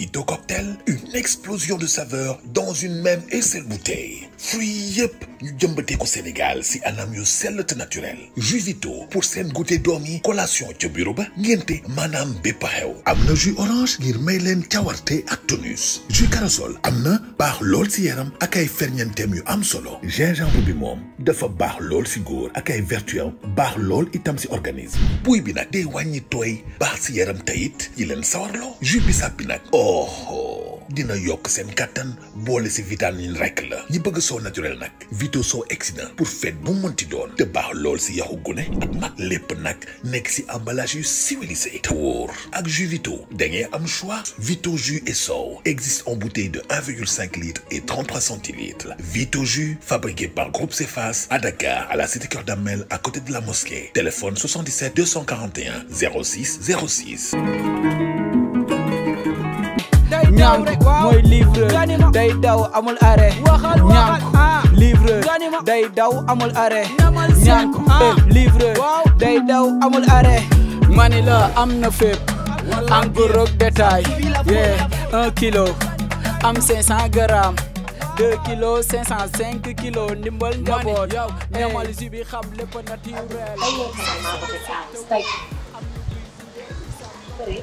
Vito Cocktail, une explosion de saveurs dans une même et seule bouteille. Fruit yep, ko Sénégal si anam yu sell naturel jus Vito pour seen goûter dormi collation ci bureau ba ngenté manam jus orange ngir may len cawarte ak tonus jus corossol amna bax lol lool si yaram ak ay yu am solo gingembre bi mom dafa bax lol si góor ak ay vertu bax lol itam si organisme Pouy bi wany day wañi toy bax si yaram tayit yi jus oh, oh dina yok sen katan bolé ci vitamine rek la ñi bëgg so naturel nak vito So excellent pour fête bu monti doon te baax lool si yaxu gune ak lépp nak emballage civilisé tour ak jus vito da choix vito jus et so existe en bouteille de 1,5 litre et 33 centilitres vito jus fabriqué par Groupe Cefas à Dakar à la cité cœur Damel à côté de la mosquée téléphone 77 241 06 06 ñànk mooy livreur day daw amul arrêt mani ah. ah. eh, la am na fépp en gros détail yeah kilo am 500 grammes 2 kilos ndimbal njaboot eh.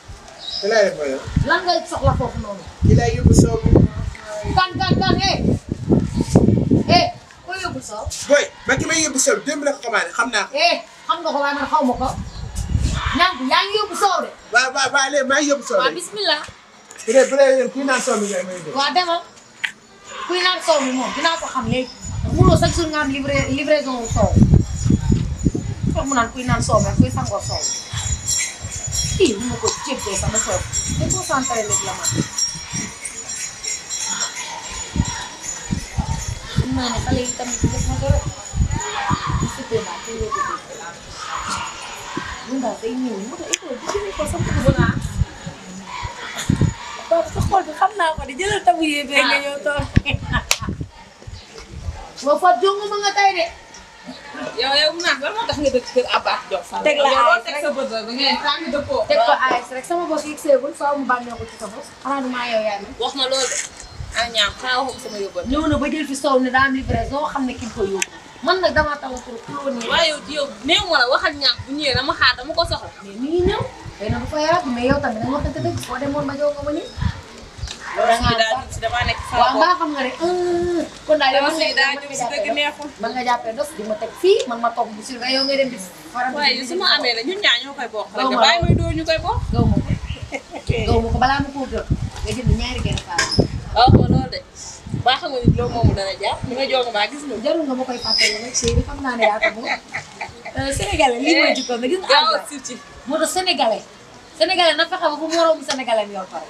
li lay def foofu noonu. ki lay yóbbu soow mi. kan kan kan eh. eh koo yóbbu soow. booy xam naa ko. eh xam nga ko waaye man xaw de. waaw bismillah. bu dee bu dee mi ngay may dégg. waaw xam léegi. am livraison wu mu naan kuy naan soow mi ak kuy sangoo soow. Feel మీకు check చేశాను sir ఎక్కువ సాంతరం ఇట్లా itu itu di tapi eh, ya Wafat jong ngomong deh. yow yow mu naan lan moo tax nga dëkk kër Abass Diop. teg la ayis rek yow ko teg ko ayis rek sama bopp yegg seegul faaw mu ci sa bopp. xanaa yow yaa wax na loolu de ah ñaar xanaa waxum sama yóbbal. ñëw ba jël fi soow ne daa am livraison ki man nag ma la waxal ñaar bu ñëwee dama xaar dama ko soxla. mais mi ngi ñëw. xëy na bu fa yaatu yow tamit nañu waxante dëgg boo demoon ma jox ko ma nii waaw mbaa xam nga ne kon daal yow man nga jàppee ah, dos di ma teg fii man ma toog bu surga yow nga dem di faram waaye su ma amee la ñun ñaa ñoo koy bokk rek bàyyi may doo ñu koy bokk gaw ma gaw ma ko balaa ma koo jot nga jënd ñaari genn faar waaw ma loolu de baa xam nga nit loolu moomu dana jaar li nga jox nga gis nga jarul nga ma koy fàttali rek chéri xam naa ne yaa ko moom sénégalais lii mooy jikko nga gis nga moo tax sénégalais sénégalais na fexe ba bu moroomu sénégalais yow pare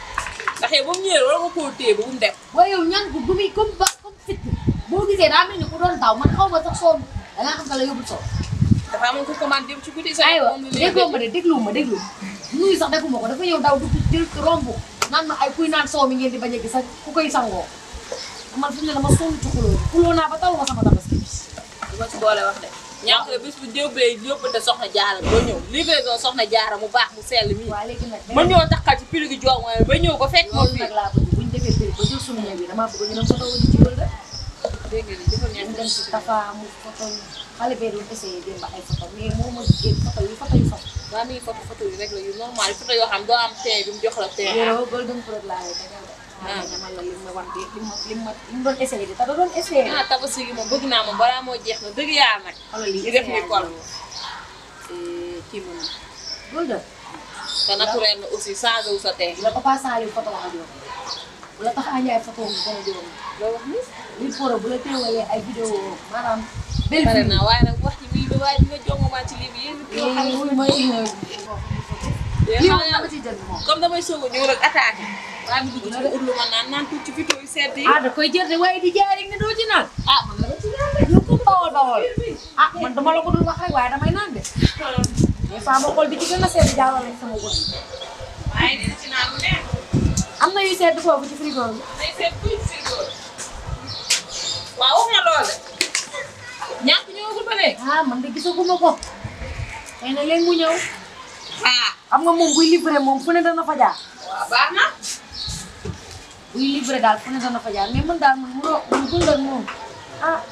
ndax yow ba mu ñëwee war nga koo téye ba mu dem. booy yow ñaan ko du muy comme ba comme fitt boo gisee daa mel ni ku doon daw man xaw ma sax soo da ngaa xam ne la yóbbu soo. dafa amoon ko commande dem ci guddi sax. aywa déggoo ma de déglu ma déglu nuyu sax defu ma ko dafa ñëw daw du jël romb naan ma ay kuy naan soo mi ngeen di bañ a gis ak ku koy sangoo man fi mu ne dama sonn ci xuloo xuloo naa ba taw ma sama tabaski. du ma ci boole wax de. ñàkk la bis bu déwblee yóbbante soxna jaara ba ñëw livraison soxna jaara mu baax mu sell mi ma ñëw taxal ci pili gi jox ba ñëw ba fekk moom fii buñ defee pili ba jël suñu bi damaa bëgg ñu dem photo ci loolu la dégg nga ñu dem ci tafa mu photo xale bee doon essayé démb ay photo mais moo ma jigéen photo yu photo yu photo waa mi ngi photo photo yu rek la yu normal photo yoo xam doo am tey bi mu jox la tey golden prod laa lay ñamal ah. la li nga wax li ma li ah, moom bëgg naa moom balaa moo jeex na dëgg yaa nag. xoolal lii def ni kol eh, kii moom. loolu la. te naturel na aussi changé wu sa tey. la papa Saliou bu la tax a ñaay photo bu gën a ay vidéo maanaam. bel pare naa waaye nag wax ci bii bi waaye dina jox ma ci lii bi yéen. lii mooy mooy. lii moom dama ciy jël moom. comme damay soog a ñëw rek baa bi dugg ci ut lu ma naan naan tuuti ci vidéo yu sedd yi. ah da koy jël de waaye di jaay rek ne doo ci naan. ah man dama ci naan de. yow comme bawol bawol ah man dama la ko dul wax rek waaye damay naan de. des fois ma xool bi ci gën a sedd jaawal rek sama bët. waaye dina ci naan lu ne. am na yu sedd foofu ci frigo bi. day sedd kuy ci frigo bi. waaw wax na loolu. ñàkk ñëwagul ba léegi. ah man de gisaguma ko. xëy na léegi mu ñëw. ah xam nga moom buy livré moom fu ne dana fa jaar. waaw baax na. Uy, libre dal po na sa napayaan. May mong dal mong muro. Mungkong dal mo. Ah.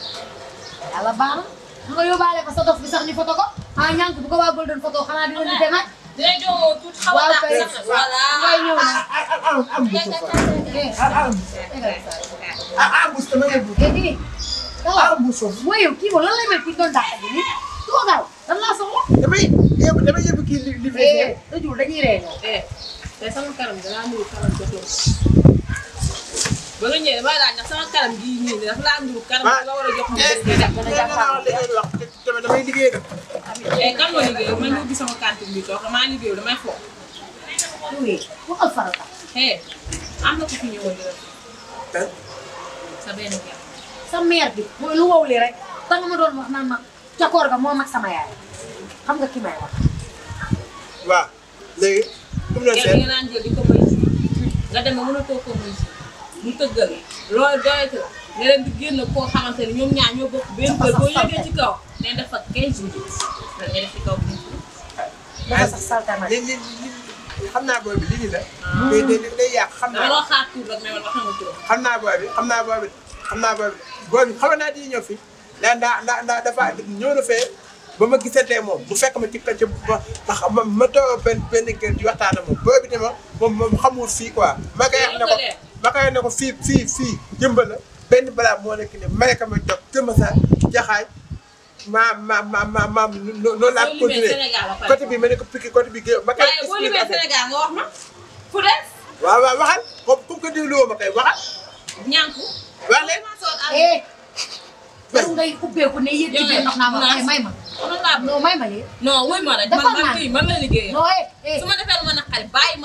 Ala ba? Mga yung balik, basta to, bisa ni foto ko? Hanyang, ah, kubo ko wagol doon foto. Kana din ni temat? Diretso, tutu ka wala. Wala. Kayo. Ang gusto ko. Ang gusto mo yung buto. Edi. Ang gusto. Wayo, kibo, lalay may pitol dahil din. Tuwa daw. Ang lasa mo. Dabi, dabi yung bikini libre. Eh, tujuh lagi rin. Eh, saya sama karam, dalam karam, tujuh ba nga ñëwee ma laaj ndax sama kanam gii nii nii dafa laa nduru kanam la ah. eh kan moo liggéey man nga gis sama carte bi toog maa liggéey damay mau oui waxal farata eh am na ko fi ñëwoon lu sama yaay kamu nga ki may wax waaw léegi comme la seen nga di ko mu tëggal loolu doyati la nga leen génn koo xamante ni ñoom ñaar ñoo bokk benn kër boo yëgee ci kaw ne dafa xam naa booy bi li ñu la. Ah. day xam naa. loo xaar xam naa booy bi xam naa booy bi xam naa booy bi booy bi xaw naa di ñëw fi ndax ndax ndax dafa ñëw na fee ba ma gisatee moom bu fekk ma ci pecc ba ma ma toog benn benn kër waxtaan ak moom booy bi dama moom moom xamul fii quoi. ne ko Bakay ne ko fii fii fii jëmbala benn balaa moo nekk ne Malika ma jox Kër ma ma ma ma ma noonu laa continué côté bi ma ko Pikine côté bi Guèye ma kay. waaye boo limee Sénégal nga wax ma fu des. waaw waaw waxal comme comme que dégluwoo ma kay waxal. ñànku. wax leen eh. yow ngay ubbeeku ma may ma. non ma de. non wuy ma la liggéeyee. Eh, eh. su ma defee lu ma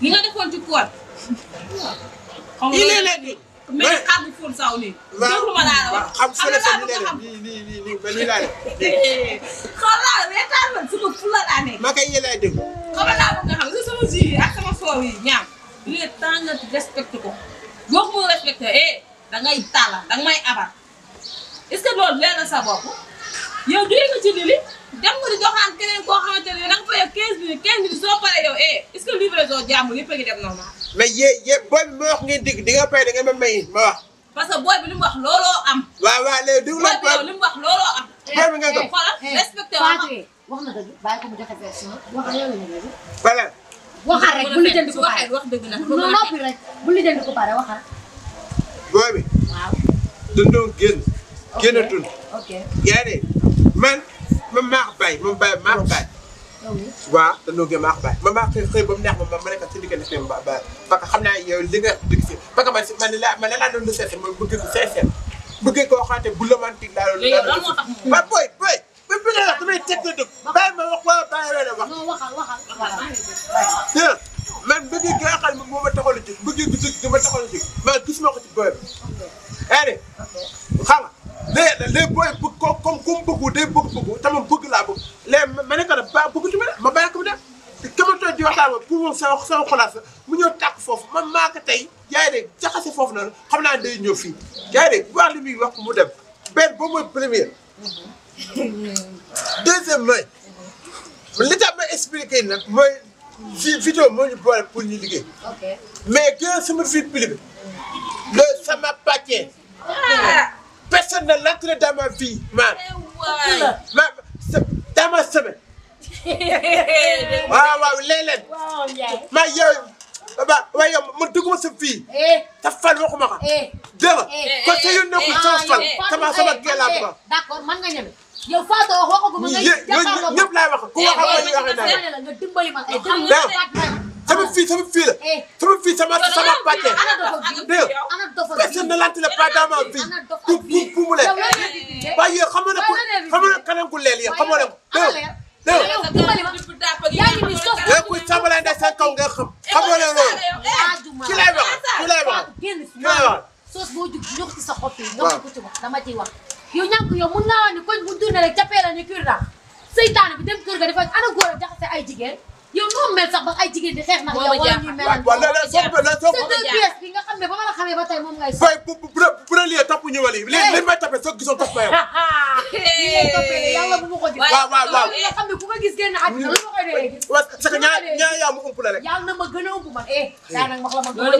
li nga defoon ci puwar. xam nga loolu mais xam nga fóon saw nii. waaw waaw xam nga xam nga nii nii nii nii ba nii laa def. xoolal reetaan man sama fula ma kay yéelaay dégg. xam nga laa bëgg a xam nga sama jus yi ak soow yi ñaar li nga nga respecté ko ko mënul respecté eh da ngay tàlla da abar est-ce que loolu leer na sa bopp yow nga ci lili. dem nga di joxaan keneen koo xamante ne da nga fay 15 minutes 15 minutes soo paree yow eh est-ce que livraison jàmbur yëpp a ngi dem normal. mais yéen yéen booy bi ma wax ngeen dig di nga fay da ma may ma wax. parce que booy bi li mu wax looloo am. waaw la booy bi nga ko eh, xoolal eh, wax na dëgg rek bu lijjanti ko pare wax dëgg rek bu lijjanti ko pare waxal. booy bi. waaw. dundoo génn. ok man. ma maax bay ma bay maax bay. ma maax xëy xëy ba ma ma ma ne ko ba ba parce que xam naa yow li nga dugg si parce que man si man la man la laa doon lu seet mooy bëgg ba bi la ma wax wala bàyyi la wax. non ma gis ma ko ci bi sa sama xolaat fa mu ñëw tàkk foofu man maa tey yaa ngi jaxase foofu noonu xam naa day ñëw fii yaa ngi dégg li muy wax mu dem benn boobu mooy première deuxième mooy li tax ma na nag mooy vi vidéo moo ñu boole pour ñu liggéey mais gën sama vie privée le sama pàccee ah! personne ne l'entrée dans ma ma eh ma semaine waaw waaw léeg-léeg. waaw Ndiaye. maa yow ba waaye yow man dugguma sa fii. Eh. sa fan waxuma ko. Eh. dégg nga eh, sa yoon nekkul sama fan. sama sama kii laa bëgg a. d'accord man nga ñeme. yow Fatou wax waxagu ma ngay. jàppandoo ñëpp laay wax ku wax ak ma ñu waxee naa nga dimbali ma ay sama fii fii la sama fii sama sama pàcce dégg ne lante la pas dans ma vie pour pour pour mu leen waaye yow xam nga ne ku xam nga ku leel dégg nga ku sàmbalee ne seen kaw nga xam xamoo leen loolu ki wax ki lay wax ki lay wax. soos boo sa xob yi. la ni kii la seytaane bi dem kër ga dafa ana góor a jaxase ay jigéen. yow noo mel sax ba ay jigéen di xeex nag yow wala ñuy mel ak yow bi nga xam ne ba ma la xamee ba tey moom ngay. fay bu bu bu la liyee topp ñu wala yi léegi li may toppee soo gisoon topp ma yow. li may toppee yàlla bu ma ko gis. waaw waaw waaw nga xam ne ku ko gis génn àddina lu ma ko waaw c'est que yaa ma ump la rek. yàlla na ma a ump man eh. daanaka wax la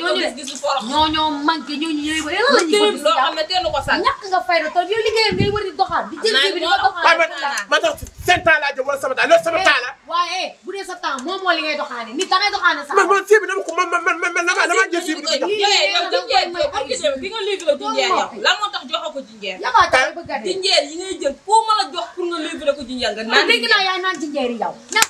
ma gën a ñoo ñu gis ñoo ñoo loo xam ne teelu ko sax ñàkk nga fay la tool yow liggéeyam ngay di doxaan di jël di ko doxaan ma tax la moo li ngay ko jinjeer jinjeer jinjeer yi ngay foo mën a jox pour nga livré ko jinjeer nga naan dégg naa yaay naan jinjeer yi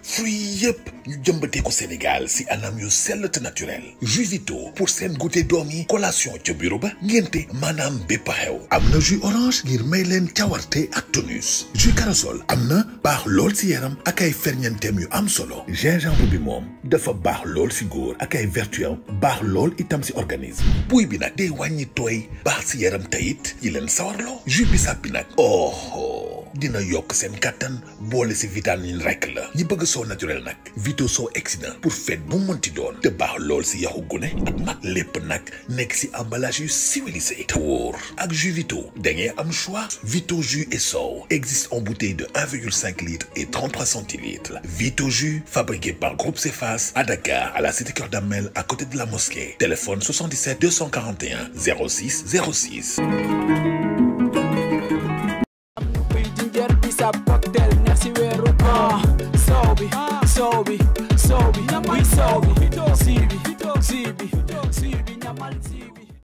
fruits up ñu ko Sénégal si anam yu sel te naturel jusito pour sen goûter dormi collation ci bureau ba ngénte maanaam bépp xew jus orange ngir may len cawarte ak tonus jus corossol amna bax lol lool si yaram ak ay ferñentem yu am solo gingembre bi mom dafa bax lol si góor ak ay vertu bax lol itam si organisme buy bi nag day wañi toy bax si yaram tayit yi jus oh, oh dina yok sen katan boole ci vitamine rek la ñi bëgg so naturel nak vito soo pour fête bu mënti doon te baax lool si yaxu gune ak mag lépp nak si emballage civilisé Tour. wóor ak jus vito da ngeen am choix vito et so existe en bouteille de 1,5 litre et 33 centilitres vito fabriqué par Groupe Cefas à Dakar à la cité cœur Damel à côté de la mosquée téléphone 77 241 06 06